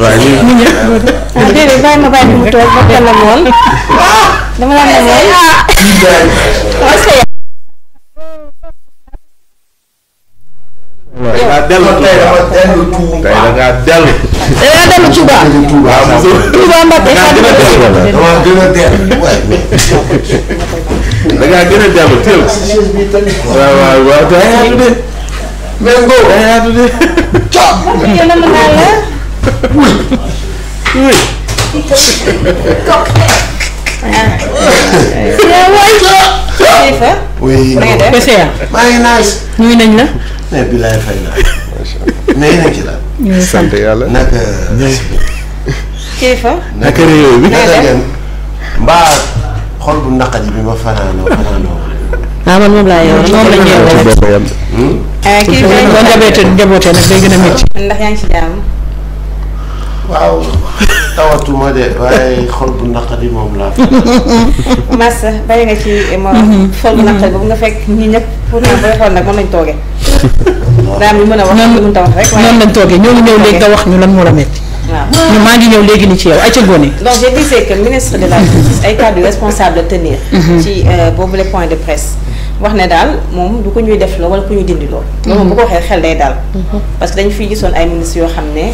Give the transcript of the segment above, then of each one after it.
waaw ñu ñu ñëw. ah déedéet bàyyi ma bàyyi mu toog ba la mool dama la ne mool. waaw da ngaa dellu Touba tey da ngaa dellu. da ngaa dellu Touba. Touba Mbacké da ngaa gën a dellu teel. waaw waaw waaw. mais Ngo. da ngaa tuddee. coow. Uy. oui. maa ngi nice. nuyu nañ la. mais bilaay fay naa. macha allah mais yéen a ci daal. sant yàlla naka. kilifa. naka réew mi naka ngeen. mbaa xol bu naqari bi ma fanaanoo fanaanoo. ah man moom laa yor moom la ñu yor. kilifa yi boo njabootee nag day gën a métti. ndax yaa ngi ci jàmm. waaw tawatuma de waaye xol bu naqari moom laa. Massa bari nga ci morom. Mhm. xol bu naqari boobu nga fekk ñi ñëpp pour ñu booy xool nag mën nañ toogee. daal mën a wax ta noonu lañ toogee ñoo ngi ñëw léegi nga wax ñu lan moo la metti waaw ñu maa ngi ñëw léegi ni ci yow ayca Ngoné. donc je disais que ministre de la justice ay cadres responsable tenir. Mhm. ci euh, boobu les points de presse. wax ne daal moom du ko ñuy def loo wala ku ñuy dindi loo. loolu moom bu ko waxee xel day daal. Mhm. parce que dañ fi gisoon ay ministres yoo xam ne.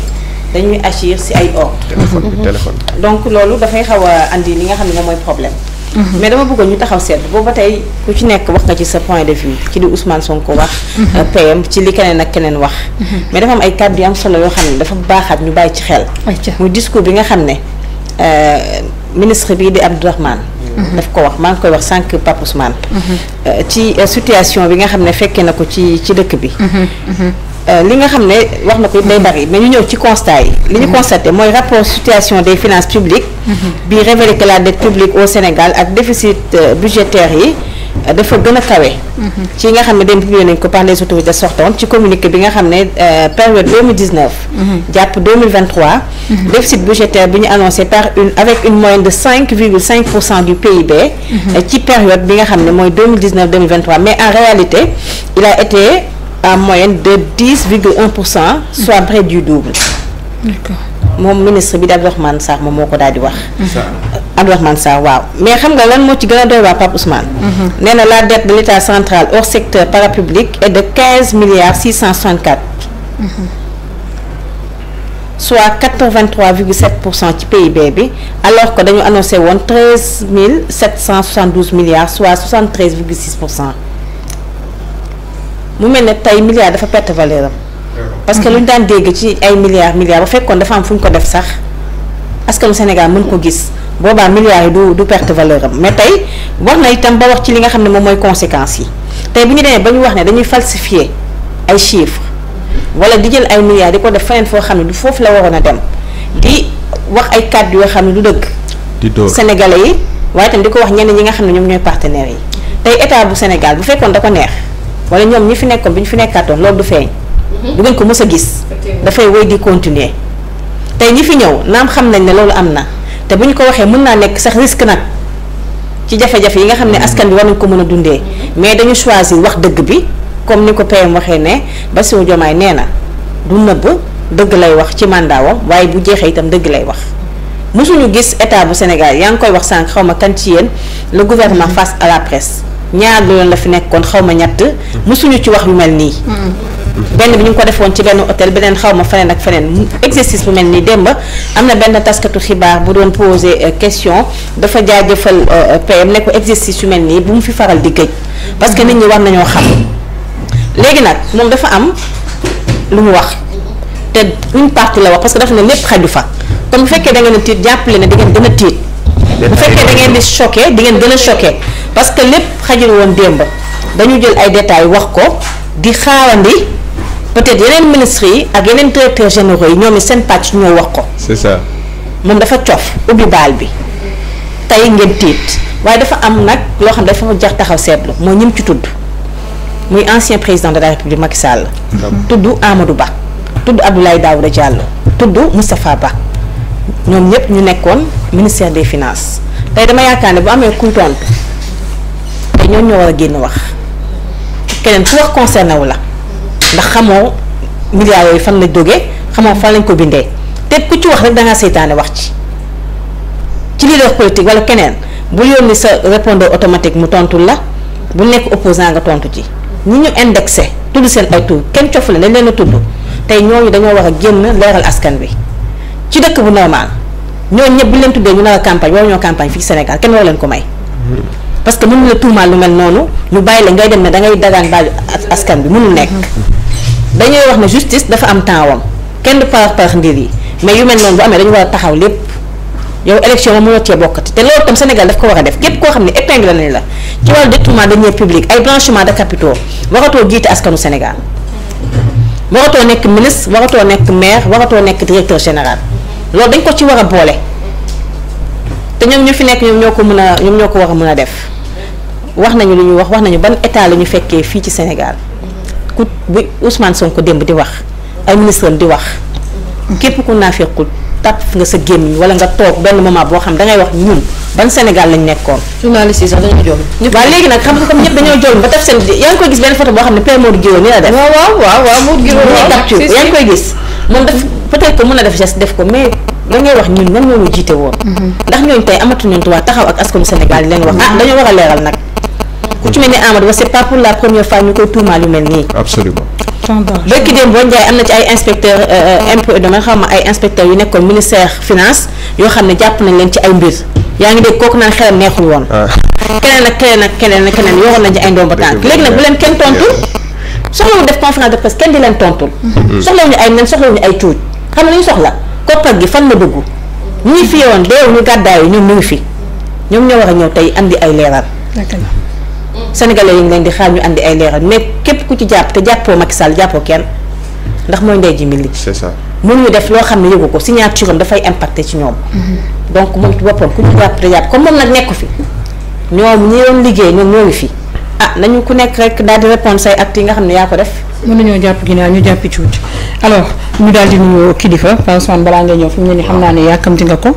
dañuy agir ci ay ordre téléphone bi mhm. téléphone donc loolu dafay xaw a andi li nga xam ne moom mooy problème. Mhm. mais dama bëggoon ñu taxaw seetlu booba tey ku ci nekk wax nga ci sa point de vue ci li Ousmane Sonko wax. Mhm. Euh, PM ci li keneen ak keneen wax. mais dafa am ay kàddu yu am solo yoo xam ne dafa baaxaat ñu bàyyi ci xel. muy discours bi nga xam ne euh, ministre bii di Abdourahmane daf ko wax maa ngi koy wax sànq Pape Ousmane. Euh, ci situation bi nga xam ne fekkee na ko ci ci dëkk bi. Euh, li nga xam ne wax na ko day bari mais ñu ñëw ci constat yi li ñu mhm. constaté mooy rapport situation des finances publiques mhm. bi révélé que la dette publique au Sénégal ak déficit euh, budgétaire yi euh, dafa gën a kawe. Mhm. ci nga xam ne dem publié nañ ko par les autorités sortantes ci communiqué bi nga xam ne période 2019. jàpp 2023. déficit budgétaire bi ñu annoncé par une avec une moyenne de 5 virgule 5 pour cent du PIB. ci période bi nga xam ne mooy 2019 2023 mais en réalité il a été en moyenne de dix virgule un pour cent soit près du double. moom ministre bi di Abdourahmane Sarr moom moo ko daal di wax. Abdourahmane Sarr waaw mais xam nga lan moo ci gën a doy waa Pape Ousmane. Mhm. nee la dette de l'État central hors secteur parapublic est de quinze milliards six cent soixante quatre. Mhm. soit quatre vingt trois virgule sept pour cent ci PIB bi alors que dañu annoncé woon treize mille sept cent soixante douze milliards soit soixante treize virgule six pour cent. mu mel ne tey milliard dafa perte valeur am. parce que lu ñu daan dégg ci ay milliards milliards ba fekkoon dafa am fu ñu ko def sax askanu Sénégal mën ko gis boobaa milliards yi du du perte valeur am mais tey war na itam ba wax ci li nga xam ne moom mooy conséquences yi tey bu ñu demee ba ñu wax ne dañuy falsifier ay chiffres wala di jël ay milliards di ko def feneen foo xam ne du foofu la waroon a dem di wax ay kàddu yoo xam ne du dëkk di dóor yi waaye itam di ko wax ñenn ñi nga xam ne ñoom ñooy partenaires yi tey état bu Sénégal bu fekkoon da neex. wala ñoom ñi fi nekkoon bi ñu fi nekkaatoon loolu du feeñ. Mhm. du ko mës a gis. dafay wéy di continuer. tey ñi fi ñëw naam xam nañ ne loolu am na te bu ñu ko waxee mën naa nekk sax risque nag ci jafe-jafe yi nga xam ne mhm. askan bi war nañ ko mën a dundee mhm. mais dañu choisir wax dëgg bi comme ni ko PM waxee ne Bassirou Diomaye nee na du nëbb dëgg lay wax ci mandaawam waaye bu jeexee itam dëgg lay wax. mësuñu gis état bu Sénégal yaa ngi koy wax sànq xaw ma kan ci yéen le gouvernement à la presse. ñaar la la fi nekkoon xaw ma ñett mosuñu ci wax yu mel nii mm-hmm. benn bi ñu ngi ko defoon ci benn hôtel beneen xaw ma feneen ak feneen exercice bu mel nii démb am na benn taskatu xibaar bu doon poser euh, question dafa jaajëfal euh, PM ne ko exercice yu mel nii bu mu fi faral di gëj parce que nit ñi war nañoo xam léegi nag moom dafa am lu mu wax te une la wax parce que dafa ne lépp xaju fa kon bu fekkee da ngeen a tiit jàppale ne di ngeen gën a tiit bu fekkee da ngeen gën a choqué parce que lépp xajul woon démb dañu jël ay détails wax ko di xaarandi peut-être yeneen ministres yi ak yeneen directeurs généraux yi ñoom it seen pàcc ñoo wax ko. c'est ça. moom dafa cof ubbi baal bi tey ngeen tiit waaye dafa am nag loo xam ne dafa jax taxaw seetlu moo ñim ci tudd muy ancien président de la république Macky Sall. tudd Amadou Ba. tudd Abdoulaye Daouda Diallo. tudd Moustapha Ba. ñoom ñëpp ñu nekkoon ministère des finances tey dama yaakaar ne bu amee kuy tontu sénégalais ñoom ñoo war a génn wax keneen ku wax concerné la ndax xamoo milliards yooyu fan la jógee xamoo fan lañ ko bindee te ku ci wax rek da seytaane wax ci ci lii leader politique wala keneen bul yónni sa répondeur automatique mu tontu la bu nekk opposant nga tontu ci ñi ñu indexé tudd seen ay tur kenn cofu leen dañ leen a tudd tey ñooñu dañoo war a génn leeral askan bi ci dëkk bu normal ñooñu ñëpp bu leen tuddee ñu nar a campagne waru ñoo campagne fii Sénégal kenn leen ko may parce que mënu la tuumaal lu mel noonu ñu bàyyi la ngay dem ne dangay ngay dagaan baaju askan bi mënul nekk. dañuy wax ne justice dafa am temps wam kenn du parax parax ndir yi mais yu mel noonu bu amee dañu war a taxaw lépp yow élection moom mënoo cee bokkati te loolu tam Sénégal ko war a def képp koo xam ne épingle nañ la ci wàllu détournement de deniers publics ay blanchiment de capitaux waratoo jiite askanu senegal waratoo nekk ministre waratoo nekk maire waratoo nekk directeur général loolu dañ ko ci war a te ñoom ñu fi nekk ñoom ñoo ko mën ñoom ñoo ko war a mën a def. wax nañu lu ñu wax wax nañu ban état la ñu fekkee fii ci Sénégal ku bu Ousmane ko démb di wax ay ministre di wax képp ku naafequl tàpp nga sa gémmiñ wala nga toog benn moment boo xam da ngay wax ñun ban Sénégal lañ nekkoon. journaliste yi sax dañoo jol. waaw léegi nag xam nga comme ñëpp dañoo ba def seen yaa ngi gis benn photo boo xam ne Père Modou Guiro ni koy gis. moom daf peut-être mën a def geste def ko mais da ngay wax ñun nan ñoo ñu jiite woon. Mhm. ndax ñooñu tey amatuñu taxaw ak askanu Sénégal yi leen wax mhm. ah dañoo war a leeral nag. ku ci mel ni Amadou Ba c'est pas la première fois ñu koy tuumaal yu mel nii. absolument. boo njaay am na ci ay inspecteur euh, euh, impôt domaine xam ma ay inspecteurs yu nekkoon ministère finance yoo xam ne jàpp nañ leen ci ay mbir yaa ngi dégg kooku naan xelam neexul woon. Ah. keneen ak keneen ak keneen ak keneen yoroon nañ ci ay ndomba tànk léegi nag bu leen kenn tontul soxlawuñu def conférence de presse kenn di leen tontul. Mm-hmm. soxlawuñu ay nen soxlawuñu ay gi fan la dugg ñi fi yoon deewu ñu gàddaayu ñoom ñu ngi ñoom ñoo war a ñëw tey andi ay leeral. sénégalais yi ngi leen di xaar ñu andi ay leeral mais képp ku ci jàpp te jàppoo Macky Sall jàppoo kenn ndax mooy ndey ji mil. c'est ça mënuñu def loo xam ne yëgu ko signature am dafay impacté ci ñoom. Mm-hmm. donc moom ci boppam ku jàpp te jàpp comme moom nag nekku fi ñoom ñi doon liggéey ñoom ñoo fi. ah nañu ku nekk rek daal di répondre say actes yi nga xam ne yaa ko def. mën nañoo jàpp ginnaaw ñu jàpp cuuti alors ñu daal di kilifa Pa Ousmane balaa ngay ñëw fi ne nii xam naa ne yàkkamti nga ko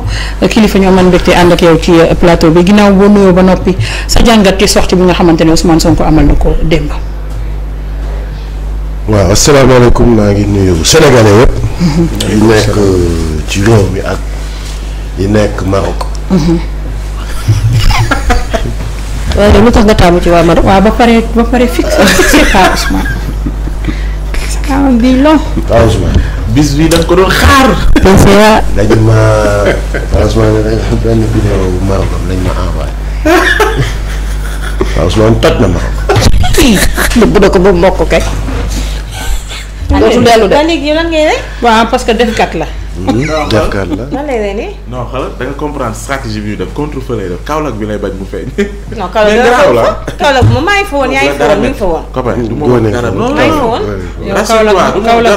kilifa ñoo man mbégte ànd ak yow ci euh, plateau bi ginnaaw boo nuyoo ba noppi sa jàngat ci sortie bi nga xamante ne Ousmane Sonko amal na ko démb. waaw asalaamaaleykum maa ngi nuyu sénégalais yëpp. yi mm-hmm. nekk euh, ci réew mi ak yi nekk Maroc. Mm-hmm. waaye lu tax nga taamu ci waa Maroc. waaw ba pare ba pare fixé fixé Paa Ousmane. kaamam bii long. Paa Ousmane bis bi daf ko doon xaar. pensé ma Paa Ousmane ne dañu xam benn vidéo bu ma envoyé. Paa na ko ba mbokk kay. dootul de ba léegi yow lan ngay rek. waaw parce que def kat la. Hmm? def la lan lay demee. non xala da nga comprendre stratégie bi ñu def contre feu lay def Kaolack bi lay bañ mu feeñ. non Kaolack moom maa ngi fa woon yaa ngi woon mi fa woon. copain hmm, du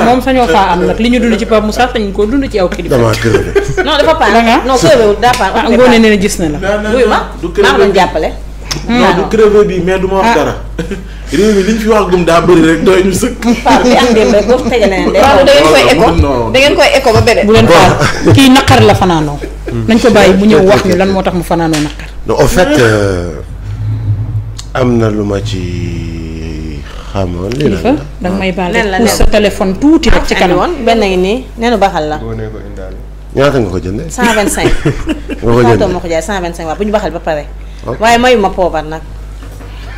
moom sañoo faa am nag li ñu dund ci Pape Moussa sañ ko dund ci yow. kii non dafa paan non kër daa paan. ah ngoone gis na la. wuyu ma maa ngi jàppale. non du ah. crevé bi mais du ma wax ah. dara. réew mi li fi wax gum daa bëri rek doy ñu sëkk. Pape bi am démb rek boo ko tegalee da ngeen koy écho da koy écho ba beneen. bu leen xaar kii naqar la fanaanoo. Hmm. nañ ko bàyyi mu ñëw wax ñu lan moo tax mu fanaanoo naqar. donc en fait euh, am na lu ci xamoon. lii la da nga may baale ci kanam. Ah, benn ngi nii nenu baxal la. boo nee ko indaale. ñaata nga ko jëndee. 125. nga ko jëndee 125 bu ñu baxal ba pare. waaye mayuma poobar nag.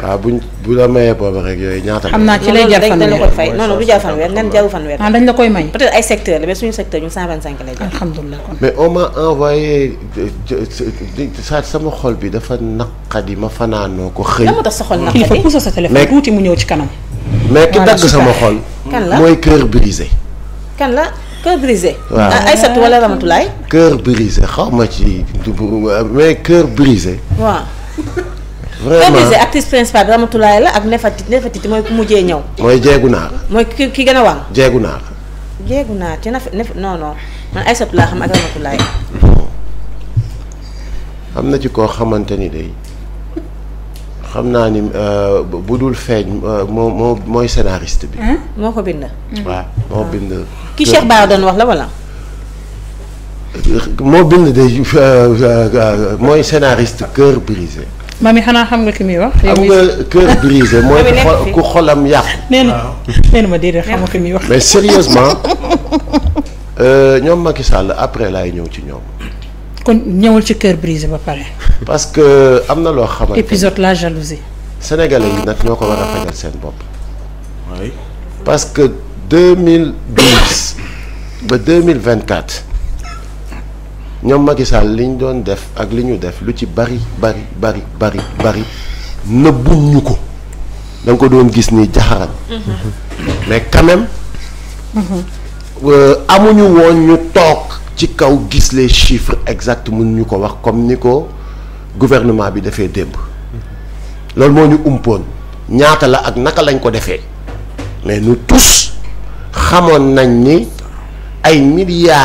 waaw ah, bu buñ bu la mayee poobar rek yooyu ñaata. xam naa ci lay jar fanweer dañ la koy fay non non du jar fanweer ah, dañ la koy may. peut-être ay secteur la mais suñu secteur ñun 125 lay jar. alhamdulilah kon. mais on m'a envoyé sa sama xol bi dafa naqadi ma fanaanoo ko xëy. dama tax sa xol naqadi kilifa pousse sa téléphone tuuti mu ñëw ci kanam. mais ki dagg sama xol. kan la mooy cœur brisé. kan la. cœur brisé. waaw ah, Aïssatou wala Ramatoulaye. cœur brisé xaw ma ci mais cœur brisé. waaw. vraiment brisé actrice principale Ramatoulaye la ak Nefatit Nefatit mooy ku mujjee ñëw. mooy jeegu naar. mooy ki ki gën a wàll. jeegu naar. jeegu naar ci naf nef non man Aïssatou laa xam ak Ramatoulaye. am na ci koo xamante ni day. xam naa ni euh, bu dul feeñ euh, moo moo mooy scénariste bi. moo ko bind. waaw moo ah. bind. ki Cheikh Ba doon wax la wala. moo bind de euh, mooy scénariste cœur brisé. mami xanaa xam nga ki muy wax. xam nga mooy ku xolam yàqu. nee na nee ma déedéet xam nga ki muy wax. mais sérieusement ñoom Macky Sall après laay ñëw ci ñoom. kon ñëwal ci cœur brise ba pare. parce que am na loo xamante épisode la jalousie. sénégalais yi nag ñoo ko war a fajal seen bopp. oui parce que 2012 ba 2024 ñoom Macky Sall li ñu doon def ak li ñu def lu ci bari bari bari bari bari nëbbuñ ko da ko doon gis ni jaxaran mhm. mais quand mhm. euh, amuñu woon ñu toog. ci kaw gis les chiffres exacts mun ñu ko wax comme ni ko gouvernement bi defee démb loolu moo ñu umpoon ñaata la ak naka lañ ko defee mais nous tous xamoon nañ ni ay milliards